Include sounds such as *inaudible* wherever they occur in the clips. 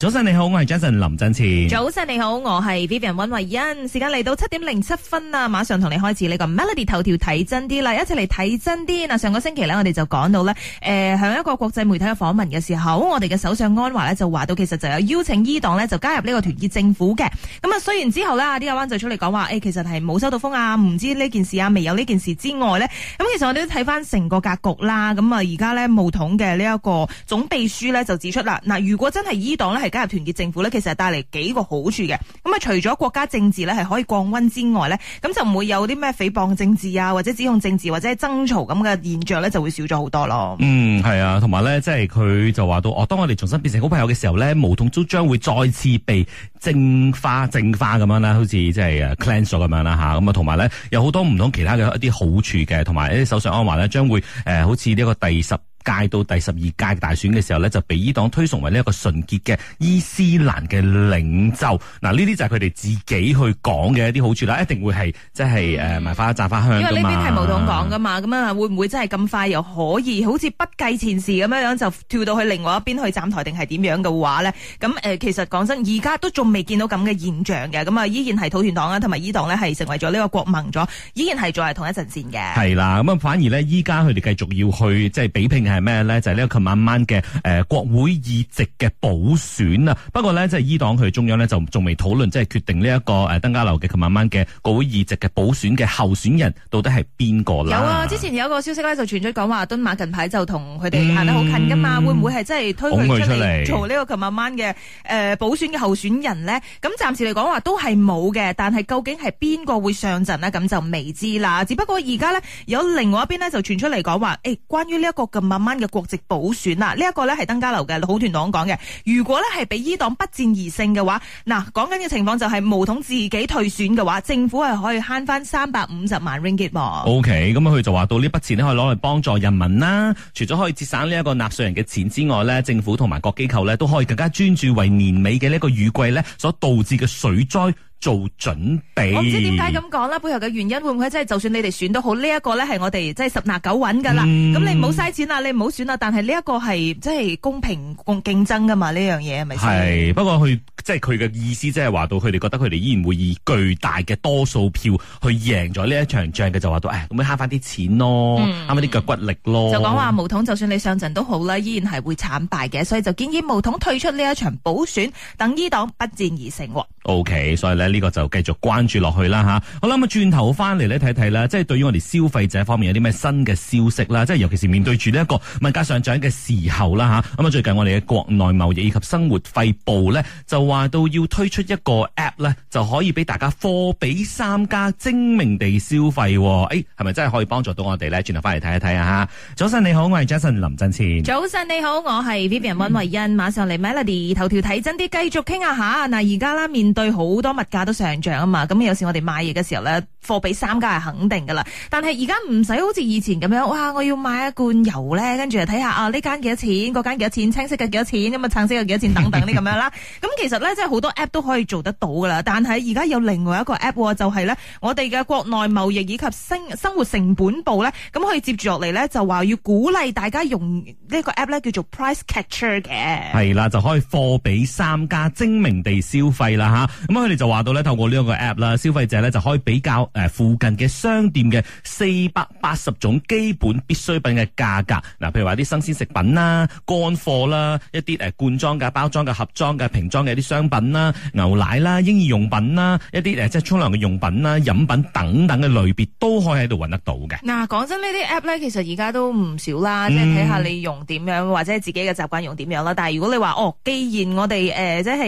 早晨你好，我係 Jason 林振賜。早晨你好，我係 Vivian 溫慧欣。時間嚟到七點零七分啦，馬上同你開始呢個 Melody 頭條睇真啲啦，一齊嚟睇真啲啊！上個星期呢，我哋就講到呢，誒，喺一個國際媒體嘅訪問嘅時候，我哋嘅首相安華呢就話到，其實就有邀請伊黨呢就加入呢個團結政府嘅。咁啊，雖然之後咧啲阿灣就出嚟講話，誒、欸，其實係冇收到風啊，唔知呢件事啊，未有呢件事之外呢。咁其實我哋都睇翻成個格局啦。咁啊，而家呢，巫統嘅呢一個總秘書呢就指出啦，嗱，如果真係伊黨呢，加入團結政府咧，其實係帶嚟幾個好處嘅。咁啊，除咗國家政治咧係可以降溫之外咧，咁就唔會有啲咩誹謗政治啊，或者指控政治或者爭吵咁嘅現象咧，就會少咗好多咯。嗯，係啊，同埋咧，即係佢就話到，哦，當我哋重新變成好朋友嘅時候咧，巫統都將會再次被淨化、淨化咁樣啦，好似即係誒 cleanse 咗咁樣啦吓，咁啊，同埋咧，有好多唔同其他嘅一啲好處嘅，同埋啲首相安華咧，將會誒、呃、好似呢一個第十屆到第十二屆大選嘅時候呢，就被伊黨推崇為呢一個純潔嘅伊斯蘭嘅領袖。嗱，呢啲就係佢哋自己去講嘅一啲好處啦，一定會係即係誒，賣花讚花香。因為呢邊係巫統講噶嘛，咁啊會唔會真係咁快又可以好似不計前事咁樣樣就跳到去另外一邊去站台定係點樣嘅話呢？咁誒，其實講真，而家都仲未見到咁嘅現象嘅，咁啊依然係土團黨啊，同埋伊黨呢係成為咗呢個國盟咗，依然係仲係同一陣線嘅。係啦，咁啊反而呢，依家佢哋繼續要去即係比拼。係咩咧？就係、是、呢個琴晚晚嘅誒國會議席嘅補選啊！不過咧，即係伊黨佢中央呢就仲未討論，即、就、係、是、決定呢、這、一個誒、呃、登加樓嘅琴晚晚嘅國會議席嘅補選嘅候選人到底係邊個啦？有啊，之前有一個消息咧就傳咗講話，敦馬近排就同佢哋行得好近噶嘛，嗯、會唔會係真係推佢出嚟做呢個琴晚晚嘅誒補選嘅候選人呢？咁暫時嚟講話都係冇嘅，但係究竟係邊個會上陣呢？咁就未知啦。只不過而家呢有另外一邊呢就傳出嚟講話，誒、欸、關於呢一個咁晚嘅國席補選啦，呢、這、一個咧係登嘉樓嘅好團結黨講嘅。如果咧係俾伊黨不戰而勝嘅話，嗱、就是，講緊嘅情況就係巫統自己退選嘅話，政府係可以慳翻三百五十萬 ringgit，okay。O K，咁佢就話到呢筆錢咧可以攞嚟幫助人民啦，除咗可以節省呢一個納稅人嘅錢之外咧，政府同埋各機構咧都可以更加專注為年尾嘅呢一個雨季咧所導致嘅水災。做準備，我唔知點解咁講啦。背後嘅原因會唔會真、就、係、是、就算你哋選到好呢一、這個咧，係我哋即係十拿九穩噶啦。咁、嗯、你唔好嘥錢啦，你唔好選啦。但係呢一個係即係公平共競爭噶嘛，呢樣嘢係咪先？係不過佢。即係佢嘅意思，即係話到佢哋覺得佢哋依然會以巨大嘅多數票去贏咗呢一場仗嘅，就話到誒，咁咪慳翻啲錢咯，慳翻啲腳骨力咯。就講話巫統就算你上陣都好啦，依然係會慘敗嘅，所以就建議巫統退出呢一場補選，等伊黨不戰而勝。OK，所以咧呢個就繼續關注落去啦，吓。好啦，咁啊轉頭翻嚟咧睇睇啦，即係對於我哋消費者方面有啲咩新嘅消息啦，即係尤其是面對住呢一個物價上漲嘅時候啦，吓。咁啊最近我哋嘅國內貿易以及生活費部呢，就話。到要推出一個 app 咧，就可以俾大家貨比三家，精明地消費。誒、欸，係咪真係可以幫助到我哋咧？轉頭翻嚟睇一睇啊！吓，早晨你好，我係 Jason 林振前。早晨你好，我係 Vivian 溫、嗯、慧欣。馬上嚟 Melody 頭條睇真啲，繼續傾下下。嗱，而家啦，面對好多物價都上漲啊嘛，咁有時我哋買嘢嘅時候咧，貨比三家係肯定噶啦。但係而家唔使好似以前咁樣，哇！我要買一罐油咧，跟住嚟睇下啊呢間幾多錢，嗰間幾多錢，青色嘅幾多錢，咁啊橙色嘅幾多錢等等啲咁樣啦。咁其實。即係好多 app 都可以做得到噶啦。但係而家有另外一個 app，就係咧，我哋嘅國內貿易以及生生活成本部咧，咁可以接住落嚟咧，就話要鼓勵大家用呢個 app 咧，叫做 Price Catcher 嘅。係啦，就可以貨比三家，精明地消費啦吓。咁佢哋就話到咧，透過呢個 app 啦，消費者咧就可以比較誒附近嘅商店嘅四百八十種基本必需品嘅價格。嗱，譬如話啲新鮮食品啦、乾貨啦、一啲誒罐裝嘅、包裝嘅、盒裝嘅、瓶裝嘅啲。商品啦、啊、牛奶啦、啊、嬰兒用品啦、啊、一啲誒即係沖涼嘅用品啦、啊、飲品等等嘅類別都可以喺度揾得到嘅。嗱、啊，講真呢啲 app 咧，其實而家都唔少啦，嗯、即係睇下你用點樣，或者自己嘅習慣用點樣啦。但係如果你話哦，既然我哋誒、呃、即係誒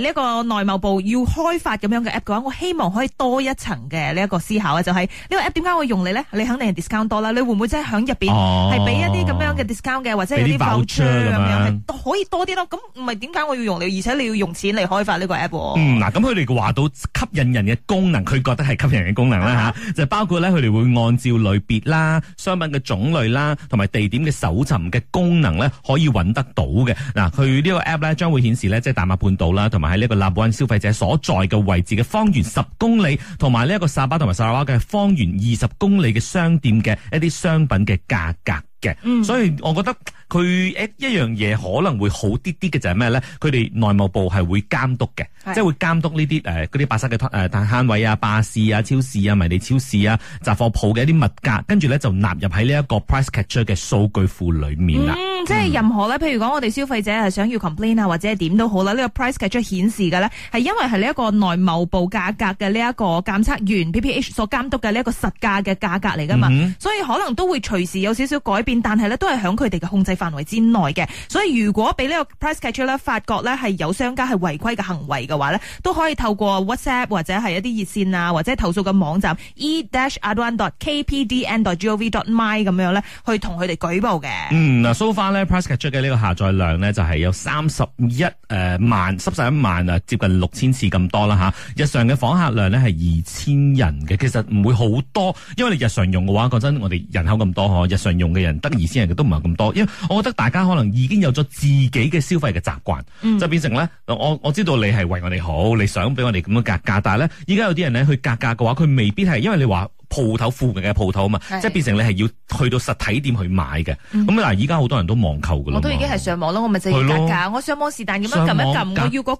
呢一個內貿部要開發咁樣嘅 app 嘅話，我希望可以多一層嘅呢一個思考啊，就係、是、呢個 app 點解我會用你咧？你肯定係 discount 多啦，你會唔會即係喺入邊係俾一啲咁樣嘅 discount 嘅，或者有啲 voucher 咁樣，係可以多啲咯？咁唔係點解我要用你，而且你要用錢嚟開發呢個 app。嗯，嗱，咁佢哋話到吸引人嘅功能，佢覺得係吸引人嘅功能啦、 *laughs* 啊、就係、包括咧，佢哋會按照類別啦、商品嘅種類啦，同埋地點嘅搜尋嘅功能咧，可以揾得到嘅。嗱、啊，佢呢個 app 咧，將會顯示咧，即係大馬半島啦，同埋喺呢個納閩消費者所在嘅位置嘅方圓十公里，同埋呢一個沙巴同埋沙拉瓦嘅方圓二十公里嘅商店嘅一啲商品嘅價格。嘅，嗯、所以我覺得佢一樣嘢可能會好啲啲嘅就係咩咧？佢哋內貿部係會監督嘅，是即係會監督呢啲誒啲巴剎嘅誒攤攤位啊、巴士啊、超市啊、迷你超市啊、雜貨鋪嘅一啲物價，跟住咧就納入喺呢一個 price catcher 嘅數據庫裏面啦、嗯。即係任何咧，譬如講我哋消費者係想要 complain 啊，或者係點都好啦，呢、這個 price catcher、er、顯示嘅咧，係因為係呢一個內貿部價格嘅呢一個檢測員 PPH 所監督嘅呢一個實價嘅價格嚟噶嘛，嗯、所以可能都會隨時有少少改變。但係咧都係喺佢哋嘅控制範圍之內嘅，所以如果俾呢個 Price Catcher 咧發覺咧係有商家係違規嘅行為嘅話咧，都可以透過 WhatsApp 或者係一啲熱線啊，或者投訴嘅網站 e dash aduan dot k p d n dot g o v dot my 咁樣咧，去同佢哋舉報嘅。嗯，嗱，so far 咧 Price Catcher 嘅呢個下載量咧就係有三十一誒萬，十三萬一啊，接近六千次咁多啦吓。日常嘅訪客量咧係二千人嘅，其實唔會好多，因為你日常用嘅話，講真，我哋人口咁多，嗬，日常用嘅人。得意千人嘅都唔係咁多，因為我覺得大家可能已經有咗自己嘅消費嘅習慣，嗯、就變成咧，我我知道你係為我哋好，你想俾我哋咁樣格價，但係咧，依家有啲人咧去格價嘅話，佢未必係因為你話。鋪頭附近嘅鋪頭啊嘛，即係變成你係要去到實體店去買嘅。咁嗱、嗯，而家好多人都網購噶啦，我都已經係上網格格咯，我咪就係格價㗎。我上網是但咁樣撳一撳，我要嗰、嗰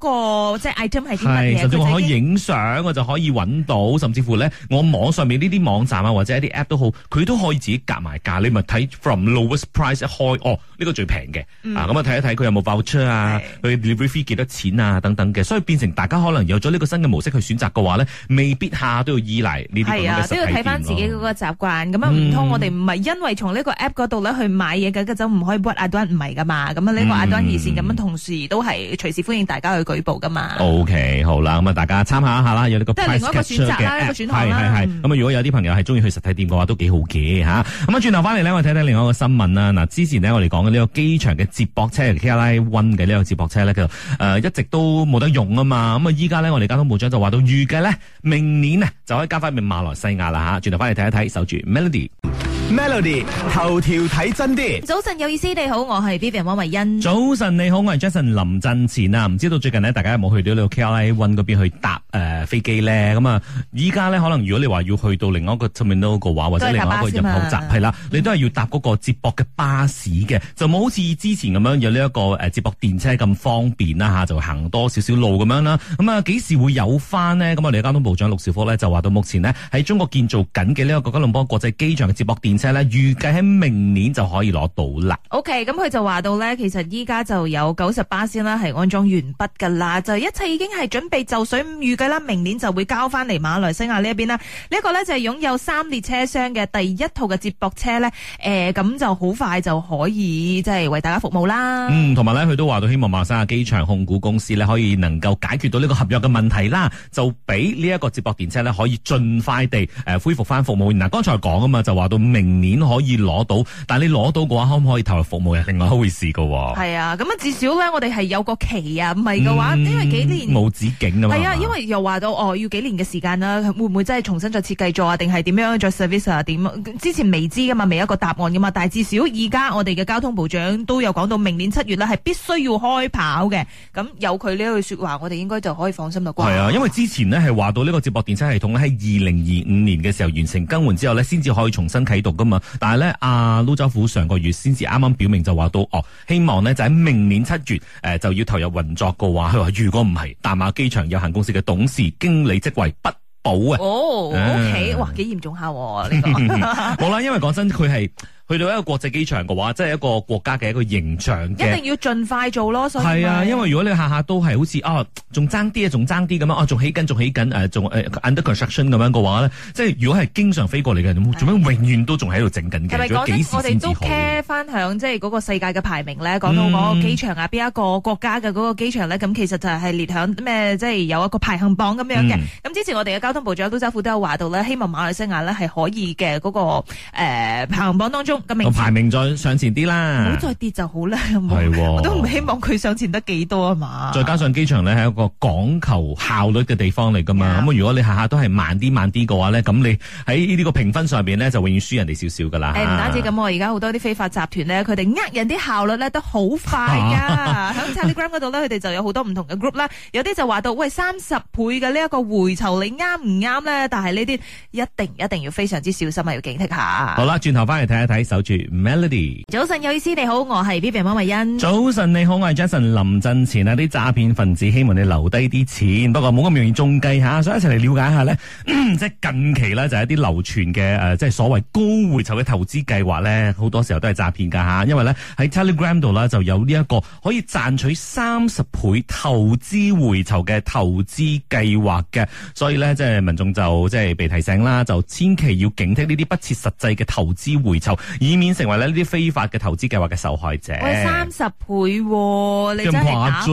個即係 item 係啲乜嘢。甚至我可以影相，我就可以揾到，甚至乎咧，我網上面呢啲網站啊，或者一啲 app 都好，佢都可以自己夾埋價。你咪睇 from lowest price 一開，哦，呢、呢個最平嘅，咁啊睇一睇佢有冇 voucher 啊，佢 delivery 幾、er, 是多錢啊，等等嘅。所以變成大家可能有咗呢個新嘅模式去選擇嘅話咧，未必下都要依賴呢啲咁嘅實翻自己嗰個習慣，咁樣唔通我哋唔係因為從呢個 app 嗰度咧去買嘢嘅，咁就唔可以屈阿 Don 唔係噶嘛？咁啊呢個阿 Don 熱線咁樣，同時都係隨時歡迎大家去舉報噶嘛？OK，好啦，咁啊大家參考一下啦。有呢個，即係另外一個選擇啦，個選項啦。係係係。咁啊，如果有啲朋友係中意去實體店嘅話，都幾好嘅吓。咁啊，轉頭翻嚟呢，我哋睇睇另外一個新聞啦。嗱、啊，之前呢，我哋講嘅呢個機場嘅接駁車 KLIA One 嘅呢個接駁車咧，佢、呃、誒一直都冇得用啊嘛。咁啊，依家呢，我哋交通部長就話到，預計呢，明年呢，就可以加翻俾馬來西亞啦吓。啊轉頭翻嚟睇一睇，守住 Melody。Melody 頭條睇真啲。早晨有意思，你好，我係 Vivian 汪維欣。早晨你好，我係 Jason 林振前啊。唔知道最近呢，大家有冇去到呢個 KLIA One 嗰邊去搭誒、呃、飛機咧？咁啊，依家咧可能如果你話要去到另外一個 Terminal 個話，或者另外一個入口閘，係啦，你都係要搭嗰個接駁嘅巴士嘅，嗯、就冇好似之前咁樣有呢、這、一個誒接駁電車咁方便啦吓、啊，就行多少少路咁樣啦。咁啊，幾時會有翻呢？咁我哋嘅交通部長陸兆福咧就話到目前呢，喺中國建造緊嘅呢個吉隆坡國際機場嘅接駁電。即係咧，預計喺明年就可以攞，okay, 到啦。OK，咁佢就話到呢，其實依家就有九十八先啦，係安裝完畢噶啦，就一切已經係準備就緒，預計啦，明年就會交翻嚟馬來西亞呢一邊啦。呢、這、一個咧就係擁有三列車廂嘅第一套嘅接駁車呢。誒、呃，咁就好快就可以即係、就是、為大家服務啦。嗯，同埋呢，佢都話到希望馬來西亞機場控股公司呢，可以能夠解決到呢個合約嘅問題啦，就俾呢一個接駁電車呢，可以盡快地誒恢復翻服務。嗱，剛才講啊嘛，就話到明。年可以攞到，但係你攞到嘅話，可唔可以投入服務係另外一回事噶？係啊，咁啊，至少咧，我哋係有個期啊，唔係嘅話，嗯、因為幾年冇止境啊嘛，係啊，因為又話到哦，要幾年嘅時間啦，會唔會真係重新再設計咗啊？定係點樣再 service 啊？點？之前未知噶嘛，未一個答案噶嘛，但係至少而家我哋嘅交通部長都有講到，明年七月咧係必須要開跑嘅，咁有佢呢一句說話，我哋應該就可以放心啦。係哇啊，因為之前呢係話到呢個接駁電車系統喺二零二五年嘅時候完成更換之後呢，先至可以重新啟動。噶嘛，但係咧，阿陸兆福上個月先至啱啱表明就話到，哦，希望咧就喺明年七月，誒就要投入運作嘅話，佢話如果唔係，大馬機場有限公司嘅董事經理職位不保啊！哦，O K，哇，幾嚴重下啊，呢個， *laughs* *laughs* 冇啦，因為講真，佢係。去到一個國際機場嘅話，即係一個國家嘅一個形象，一定要盡快做咯。係啊，因為如果你下下都係好似、哦、啊，仲爭啲啊，仲爭啲咁樣啊，仲起緊，仲起緊，仲 under construction 咁樣嘅話咧，即係如果係經常飛過嚟嘅，做咩的永遠都仲喺度整緊嘅？講我哋都 care 翻響即係嗰個世界嘅排名咧，講到嗰個機場啊，邊、嗯、一個國家嘅嗰個機場咧？咁其實就係列響咩、呃？即係有一個排行榜咁樣嘅。咁、嗯、之前我哋嘅交通部長杜澤富都有話到咧，希望馬來西亞咧係可以嘅嗰、那個、呃、排行榜當中，名排名再上前啲啦，唔好再跌就好啦。係、啊，我都唔希望佢上前得幾多啊嘛。再加上機場呢係一個講求效率嘅地方嚟噶嘛，咁、啊、如果你下下都係慢啲慢啲嘅話呢，咁你喺呢個評分上邊呢，就永遠輸人哋少少噶啦。欸，唔單止咁，我而家好多啲非法集團呢，佢哋呃人啲效率呢都好快噶。喺 Telegram 嗰度呢，佢哋 在 *laughs* 就有好多唔同嘅 group 啦，有啲就話到喂，三十倍嘅呢一個回酬，你啱唔啱呢？」但係呢啲一定一定要非常之小心啊，要警惕下。好啦，轉頭翻嚟睇一睇。守住 Melody。早晨，有意思，你好，我係 B B 汪慧欣。早晨，你好，我係 Jason。臨陣前啊，啲詐騙分子希望你留低啲錢，不過冇咁容易中計下，所以一齊嚟了解下呢、嗯，即係近期呢，就係、是、一啲流傳嘅誒、呃，即係所謂高回酬嘅投資計劃呢好多時候都係詐騙噶吓，因為呢，喺 Telegram 度呢，就有呢一個可以賺取三十倍投資回酬嘅投資計劃嘅，所以呢，即係民眾就即係被提醒啦，就千祈要警惕呢啲不切實際嘅投資回酬。以免成為呢啲非法嘅投資計劃嘅受害者。喂，三十倍、啊，啊、你真係假啊！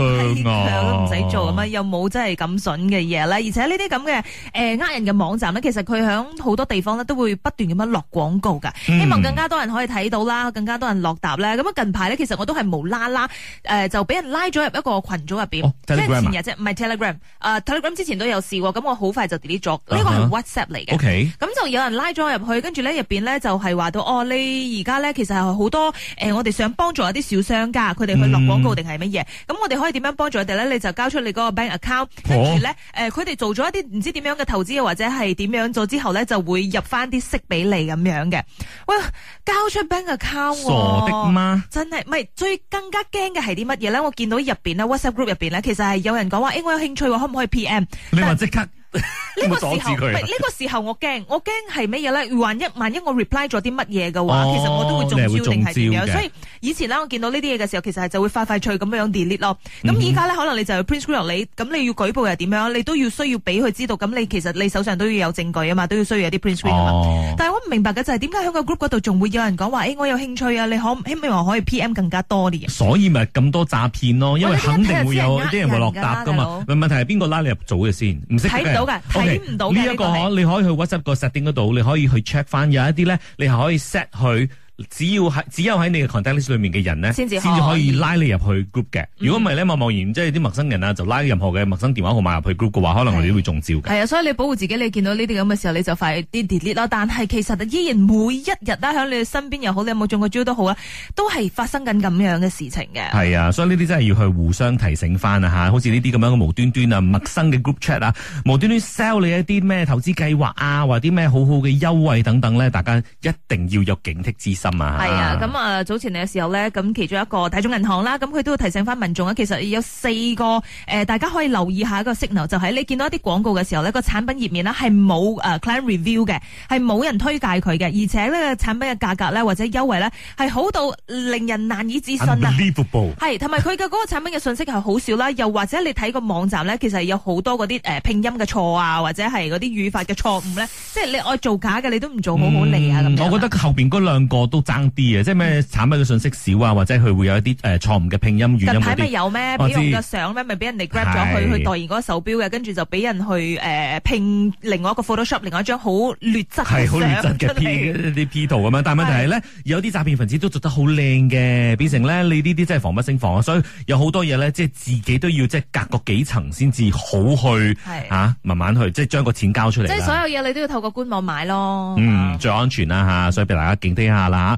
咁唔使做咁啊，又冇真係咁筍嘅嘢咧。而且呢啲咁嘅誒呃人嘅網站呢，其實佢響好多地方咧都會不斷咁樣落廣告㗎。嗯、希望更加多人可以睇到啦，更加多人落疊咧。咁啊近排呢，其實我都係無啦啦誒就俾人拉咗入一個群組入邊，哦、即係前日啫，唔係 Telegram。誒 Te、呃、Telegram 之前都有試，咁我好快就 delete 咗。呢、啊、個係 WhatsApp 嚟嘅。O okay K。咁就有人拉咗我入去，跟住咧入邊咧就係話到哦，你。而家咧，其實係好多誒、呃，我哋想幫助一啲小商家，佢哋去落廣告定係乜嘢？咁、嗯、我哋可以點樣幫助佢哋咧？你就交出你嗰個 bank account，跟住咧，誒，佢、呃、哋做咗一啲唔知點樣嘅投資，又或者係點樣做之後咧，就會入翻啲息俾你咁樣嘅。喂，交出 bank account，傻的嗎？真係，唔係最更加驚嘅係啲乜嘢咧？我見到入邊咧，WhatsApp group 入邊咧，其實係有人講話，誒、欸，我有興趣，可唔可以 PM？你話即刻。但呢個時候呢個時候，這個、時候我驚，我驚係乜嘢咧？萬一萬一我 reply 咗啲乜嘢嘅話，哦、其實我都會中招定係點樣？所以以前咧，我見到呢啲嘢嘅時候，其實就會快快脆咁樣 delete 咯。咁而家可能你就要 print screen，er, 你，咁你要舉報又點樣？你都要需要俾佢知道。咁你其實你手上都要有證據啊嘛，都要需要有啲 print screen，er, 哦、但係我唔明白嘅就係，點解香港 group 嗰度仲會有人講話？誒、哎，我有興趣啊，你可希望可，可以 pm 更加多啲人。所以咪咁多詐騙咯，因為肯定會有啲人的會落搭噶嘛。問題係邊個拉你入組嘅先？唔識睇唔到呢一 Okay,、這個里可，你可以去 WhatsApp 個 setting 嗰度，你可以去 check 翻。有一啲咧，你係可以 set 去。只要喺只有喺你嘅 contact list 裏面嘅人呢，先至可以拉你入去 group 嘅。嗯、如果唔係呢，貿貿然即係啲陌生人啊，就拉你任何嘅陌生電話號碼入去 group 嘅話，嗯、可能你都會中招嘅。係啊，所以你保護自己，你見到呢啲咁嘅時候，你就快啲 delete 啦。但係其實依然每一日啦，喺你身邊又好，你有冇中過招都好啊，都係發生緊咁樣嘅事情嘅。係啊的，所以呢啲真係要去互相提醒翻啊吓，好似呢啲咁樣嘅無端端啊， *laughs* 陌生嘅 group chat 啊，無端端 sell 你一啲咩投資計劃啊，或啲咩好好嘅優惠等等呢，大家一定要有警惕之心。係啊，咁啊早前嚟嘅時候咧，咁其中一個大眾銀行啦，咁佢都要提醒翻民眾啊。其實有四個誒、呃，大家可以留意下一個 signal，就係、是、你見到一啲廣告嘅時候呢，個產品頁面呢係冇誒 client review 嘅，係冇人推介佢嘅，而且呢個產品嘅價格呢或者優惠呢，係好到令人難以置信啊 Unbelievable，係同埋佢嘅嗰個產品嘅信息係好少啦，又或者你睇個網站呢，其實有好多嗰啲誒拼音嘅錯啊，或者係嗰啲語法嘅錯誤呢。即係你愛做假嘅，你都唔做好好嚟啊！咁、嗯，我覺得後邊嗰兩個都。爭啲啊，即係咩產品嘅信息少啊，或者佢會有一啲誒錯誤嘅拼音。音近排咪有咩俾人嘅相咩，咪俾人哋 grab 咗佢去代言嗰個手表嘅，跟住是就俾人去誒、呃、拼另外一個 Photoshop，另外一張好劣質係好劣質嘅 P 啲 P 圖咁樣。但係問題係咧，是有啲詐騙分子都做得好靚嘅，變成咧你呢啲真係防不勝防啊！所以有好多嘢咧，即係自己都要即係隔個幾層先至好去吓是、啊，慢慢去即係將個錢交出嚟。即係所有嘢你都要透過官網買咯，啊、嗯，最安全啦、啊、吓，所以俾大家警惕一下啦。